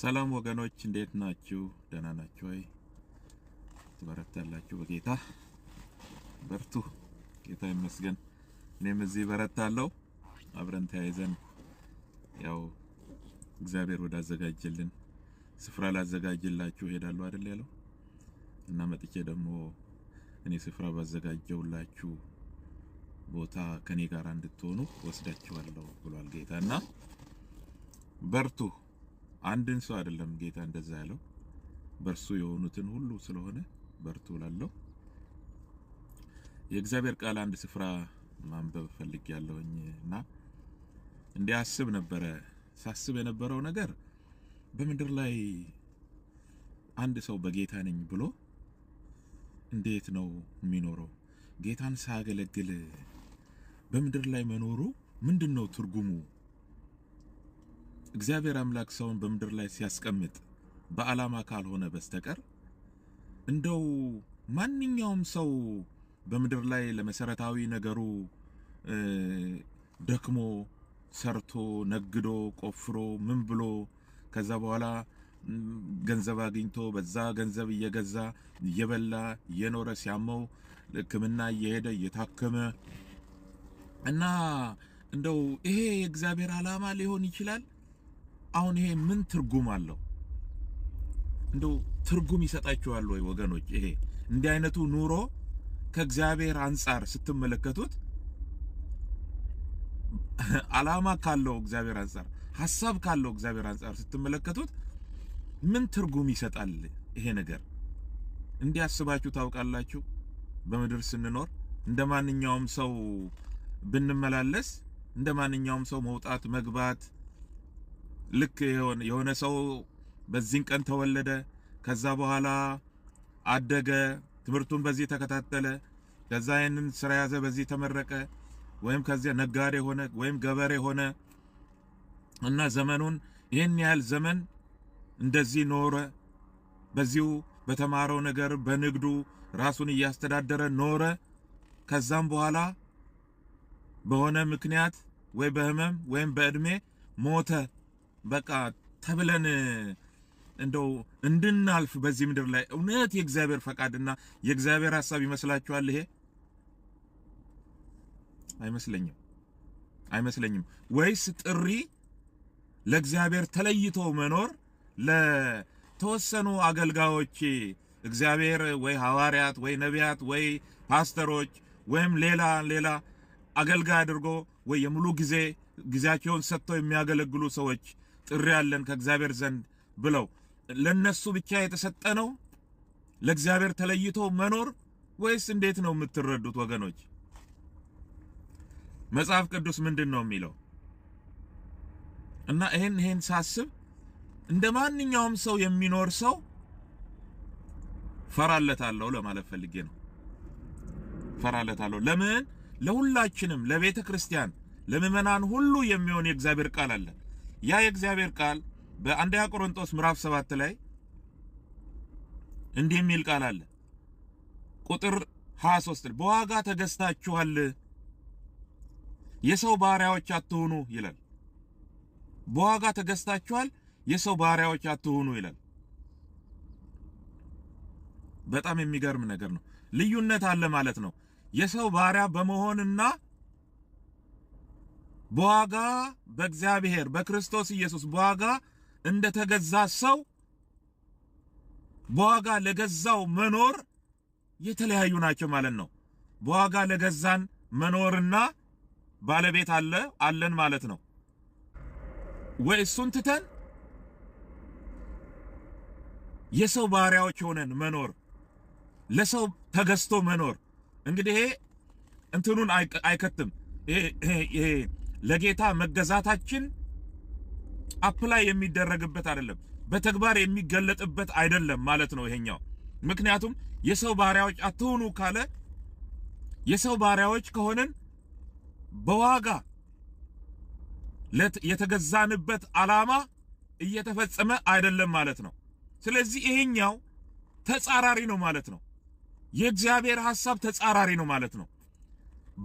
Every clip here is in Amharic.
ሰላም ወገኖች እንዴት ናችሁ? ደህና ናችሁ ወይ? ትበረታላችሁ። በጌታ በርቱ። ጌታ ይመስገን። እኔም እዚህ በረታለሁ። አብረን ተያይዘን ያው እግዚአብሔር ወዳዘጋጀልን ስፍራ ላዘጋጅላችሁ እሄዳለሁ አይደል ያለው እና መጥቼ ደግሞ እኔ ስፍራ ባዘጋጀውላችሁ ቦታ ከኔ ጋር እንድትሆኑ ወስዳችኋለሁ ብሏል ጌታ እና በርቱ አንድን ሰው አይደለም ጌታ እንደዛ ያለው በእርሱ የሆኑትን ሁሉ ስለሆነ በርቱ ላለው የእግዚአብሔር ቃል አንድ ስፍራ ማንበብ ፈልግ ያለውኝ እና እንዲያስብ ነበረ። ሳስብ የነበረው ነገር በምድር ላይ አንድ ሰው በጌታ ነኝ ብሎ እንዴት ነው የሚኖረው? ጌታን ሳያገለግል በምድር ላይ መኖሩ ምንድን ነው ትርጉሙ? እግዚአብሔር አምላክ ሰውን በምድር ላይ ሲያስቀምጥ በዓላማ ካልሆነ በስተቀር እንደው ማንኛውም ሰው በምድር ላይ ለመሰረታዊ ነገሩ ደክሞ ሰርቶ ነግዶ ቆፍሮ ምን ብሎ ከዛ በኋላ ገንዘብ አግኝቶ በዛ ገንዘብ እየገዛ እየበላ እየኖረ ሲያመው ሕክምና እየሄደ እየታከመ እና እንደው ይሄ የእግዚአብሔር ዓላማ ሊሆን ይችላል። አሁን ይሄ ምን ትርጉም አለው? እንደው ትርጉም ይሰጣችኋል ወይ ወገኖች? ይሄ እንዲህ አይነቱ ኑሮ ከእግዚአብሔር አንጻር ስትመለከቱት ዓላማ ካለው እግዚአብሔር አንጻር ሀሳብ ካለው እግዚአብሔር አንጻር ስትመለከቱት ምን ትርጉም ይሰጣል? ይሄ ነገር እንዲህ አስባችሁ ታውቃላችሁ? በምድር ስንኖር እንደ ማንኛውም ሰው ብንመላለስ እንደ ማንኛውም ሰው መውጣት መግባት ልክ የሆነ ሰው በዚህን ቀን ተወለደ፣ ከዛ በኋላ አደገ፣ ትምህርቱን በዚህ ተከታተለ፣ ከዛ ይህንን ስራ ያዘ፣ በዚህ ተመረቀ፣ ወይም ከዚያ ነጋዴ ሆነ፣ ወይም ገበሬ ሆነ እና ዘመኑን ይህን ያህል ዘመን እንደዚህ ኖረ። በዚሁ በተማረው ነገር በንግዱ ራሱን እያስተዳደረ ኖረ። ከዛም በኋላ በሆነ ምክንያት ወይ በህመም ወይም በእድሜ ሞተ። በቃ ተብለን እንደው እንድናልፍ በዚህ ምድር ላይ እውነት የእግዚአብሔር ፈቃድና የእግዚአብሔር ሀሳብ ይመስላችኋል? ይሄ አይመስለኝም፣ አይመስለኝም። ወይስ ጥሪ ለእግዚአብሔር ተለይቶ መኖር ለተወሰኑ አገልጋዮች እግዚአብሔር ወይ ሐዋርያት ወይ ነቢያት ወይ ፓስተሮች ወይም ሌላ ሌላ አገልጋይ አድርጎ ወይ የሙሉ ጊዜ ጊዜያቸውን ሰጥተው የሚያገለግሉ ሰዎች ጥሪ ያለን ከእግዚአብሔር ዘንድ ብለው ለነሱ ብቻ የተሰጠ ነው ለእግዚአብሔር ተለይቶ መኖር ወይስ እንዴት ነው የምትረዱት ወገኖች? መጽሐፍ ቅዱስ ምንድን ነው የሚለው? እና ይሄን ይሄን ሳስብ እንደ ማንኛውም ሰው የሚኖር ሰው ፈራለታለሁ ለማለት ፈልጌ ነው። ፈራለታለሁ ለምን? ለሁላችንም ለቤተ ክርስቲያን ለምእመናን ሁሉ የሚሆን የእግዚአብሔር ቃል አለን። ያ የእግዚአብሔር ቃል በአንደኛ ቆሮንቶስ ምዕራፍ 7 ላይ እንዲህ የሚል ቃል አለ። ቁጥር 23 በዋጋ ተገዝታችኋል፣ የሰው ባሪያዎች አትሆኑ ይላል። በዋጋ ተገዝታችኋል፣ የሰው ባሪያዎች አትሆኑ ይላል። በጣም የሚገርም ነገር ነው። ልዩነት አለ ማለት ነው። የሰው ባሪያ በመሆንና በዋጋ በእግዚአብሔር በክርስቶስ ኢየሱስ በዋጋ እንደተገዛ ሰው በዋጋ ለገዛው መኖር የተለያዩ ናቸው ማለት ነው። በዋጋ ለገዛን መኖርና ባለቤት አለ አለን ማለት ነው። ወይ እሱን ትተን የሰው ባሪያዎች ሆነን መኖር፣ ለሰው ተገዝቶ መኖር እንግዲህ ይሄ እንትኑን አይከትም። ለጌታ መገዛታችን አፕላይ የሚደረግበት አይደለም፣ በተግባር የሚገለጥበት አይደለም ማለት ነው ይሄኛው። ምክንያቱም የሰው ባሪያዎች አትሆኑ ካለ የሰው ባሪያዎች ከሆነን በዋጋ የተገዛንበት ዓላማ እየተፈጸመ አይደለም ማለት ነው። ስለዚህ ይሄኛው ተጻራሪ ነው ማለት ነው። የእግዚአብሔር ሐሳብ ተጻራሪ ነው ማለት ነው።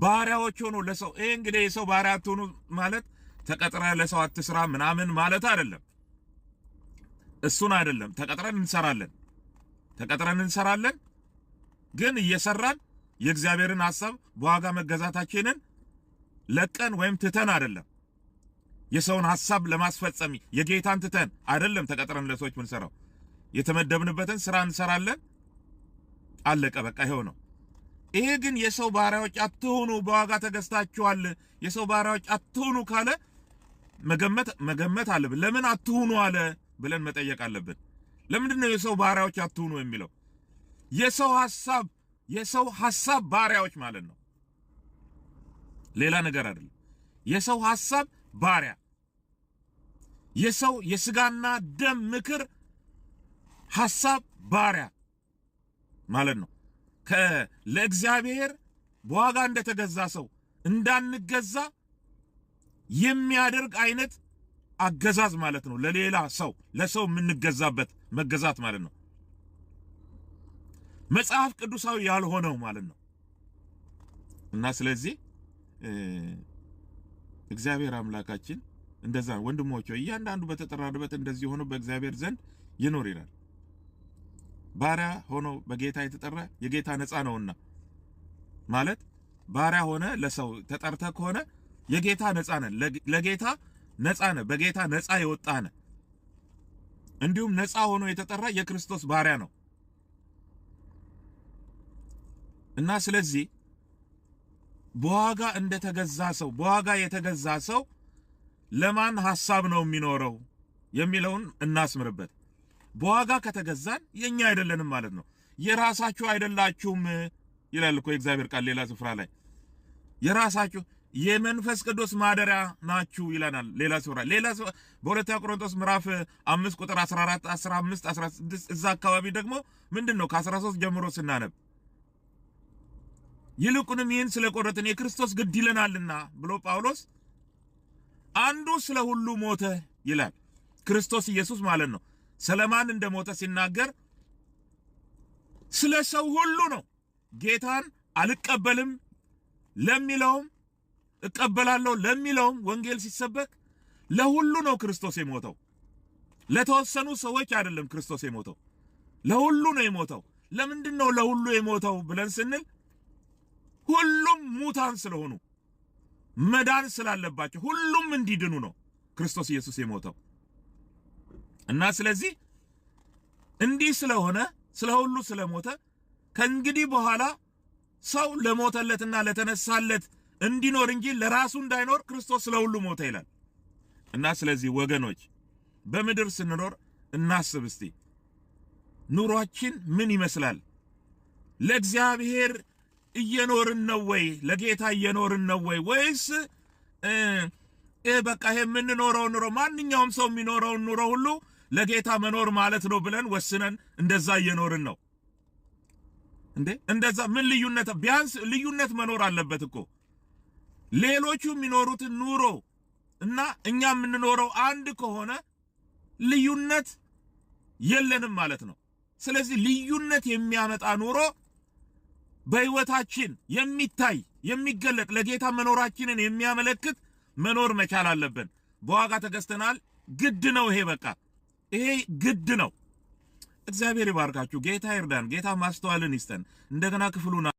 ባሪያዎች ሆኑ ለሰው። ይሄ እንግዲህ የሰው ባሪያ አትሆኑ ማለት ተቀጥረ ለሰው አትስራ ምናምን ማለት አይደለም። እሱን አይደለም። ተቀጥረን እንሰራለን፣ ተቀጥረን እንሰራለን። ግን እየሰራን የእግዚአብሔርን ሐሳብ በዋጋ መገዛታችንን ለቀን ወይም ትተን አይደለም። የሰውን ሐሳብ ለማስፈጸም የጌታን ትተን አይደለም። ተቀጥረን ለሰዎች ምንሰራው የተመደብንበትን ስራ እንሰራለን። አለቀ፣ በቃ ይሄው ነው። ይሄ ግን የሰው ባሪያዎች አትሆኑ፣ በዋጋ ተገዝታችኋል፣ የሰው ባሪያዎች አትሆኑ ካለ መገመት መገመት አለብን። ለምን አትሆኑ አለ ብለን መጠየቅ አለብን። ለምንድን ነው የሰው ባሪያዎች አትሆኑ የሚለው? የሰው ሐሳብ የሰው ሐሳብ ባሪያዎች ማለት ነው፣ ሌላ ነገር አይደለም። የሰው ሐሳብ ባሪያ የሰው የስጋና ደም ምክር ሐሳብ ባሪያ ማለት ነው። ለእግዚአብሔር በዋጋ እንደተገዛ ሰው እንዳንገዛ የሚያደርግ አይነት አገዛዝ ማለት ነው። ለሌላ ሰው ለሰው የምንገዛበት መገዛት ማለት ነው። መጽሐፍ ቅዱሳዊ ያልሆነው ማለት ነው። እና ስለዚህ እግዚአብሔር አምላካችን እንደዛ ወንድሞች እያንዳንዱ በተጠራበት እንደዚህ ሆኖ በእግዚአብሔር ዘንድ ይኖር ይላል። ባሪያ ሆኖ በጌታ የተጠራ የጌታ ነፃ ነውና ማለት ባሪያ ሆነ ለሰው ተጠርተ ከሆነ የጌታ ነፃ ነ ለጌታ ነፃ ነ በጌታ ነፃ የወጣ ነ እንዲሁም ነፃ ሆኖ የተጠራ የክርስቶስ ባሪያ ነው እና ስለዚህ በዋጋ እንደተገዛ ሰው በዋጋ የተገዛ ሰው ለማን ሐሳብ ነው የሚኖረው የሚለውን እናስምርበት። በዋጋ ከተገዛን የኛ አይደለንም ማለት ነው። የራሳችሁ አይደላችሁም ይላል እኮ የእግዚአብሔር ቃል ሌላ ስፍራ ላይ የራሳችሁ የመንፈስ ቅዱስ ማደሪያ ናችሁ ይለናል። ሌላ ስፍራ ሌላ በሁለተኛ ቆሮንቶስ ምዕራፍ 5 ቁጥር 14፣ 15፣ 16 እዛ አካባቢ ደግሞ ምንድን ነው ከ13 ጀምሮ ስናነብ ይልቁንም ይህን ስለ ቆረጥን የክርስቶስ ግድ ይለናልና ብሎ ጳውሎስ አንዱ ስለ ሁሉ ሞተ ይላል። ክርስቶስ ኢየሱስ ማለት ነው። ሰለማን እንደሞተ ሲናገር ስለ ሰው ሁሉ ነው። ጌታን አልቀበልም ለሚለውም እቀበላለሁ ለሚለውም ወንጌል ሲሰበክ ለሁሉ ነው ክርስቶስ የሞተው። ለተወሰኑ ሰዎች አይደለም ክርስቶስ የሞተው፣ ለሁሉ ነው የሞተው። ለምንድን ነው ለሁሉ የሞተው ብለን ስንል ሁሉም ሙታን ስለሆኑ መዳን ስላለባቸው ሁሉም እንዲድኑ ነው ክርስቶስ ኢየሱስ የሞተው። እና ስለዚህ እንዲህ ስለሆነ ስለ ሁሉ ስለሞተ ከእንግዲህ በኋላ ሰው ለሞተለትና ለተነሳለት እንዲኖር እንጂ ለራሱ እንዳይኖር ክርስቶስ ስለ ሁሉ ሞተ ይላል። እና ስለዚህ ወገኖች በምድር ስንኖር እናስብ እስቲ ኑሯችን ምን ይመስላል? ለእግዚአብሔር እየኖርን ነው ወይ? ለጌታ እየኖርን ነው ወይ? ወይስ በቃ ይሄ የምንኖረው ኑሮ ማንኛውም ሰው የሚኖረውን ኑሮ ሁሉ ለጌታ መኖር ማለት ነው ብለን ወስነን እንደዛ እየኖርን ነው እንዴ? እንደዛ ምን ልዩነት? ቢያንስ ልዩነት መኖር አለበት እኮ ሌሎቹ የሚኖሩትን ኑሮ እና እኛ የምንኖረው አንድ ከሆነ ልዩነት የለንም ማለት ነው። ስለዚህ ልዩነት የሚያመጣ ኑሮ በህይወታችን የሚታይ የሚገለጥ ለጌታ መኖራችንን የሚያመለክት መኖር መቻል አለብን። በዋጋ ተገዝተናል። ግድ ነው ይሄ በቃ። ይሄ ግድ ነው። እግዚአብሔር ይባርካችሁ። ጌታ ይርዳን። ጌታ ማስተዋልን ይስጠን። እንደገና ክፍሉን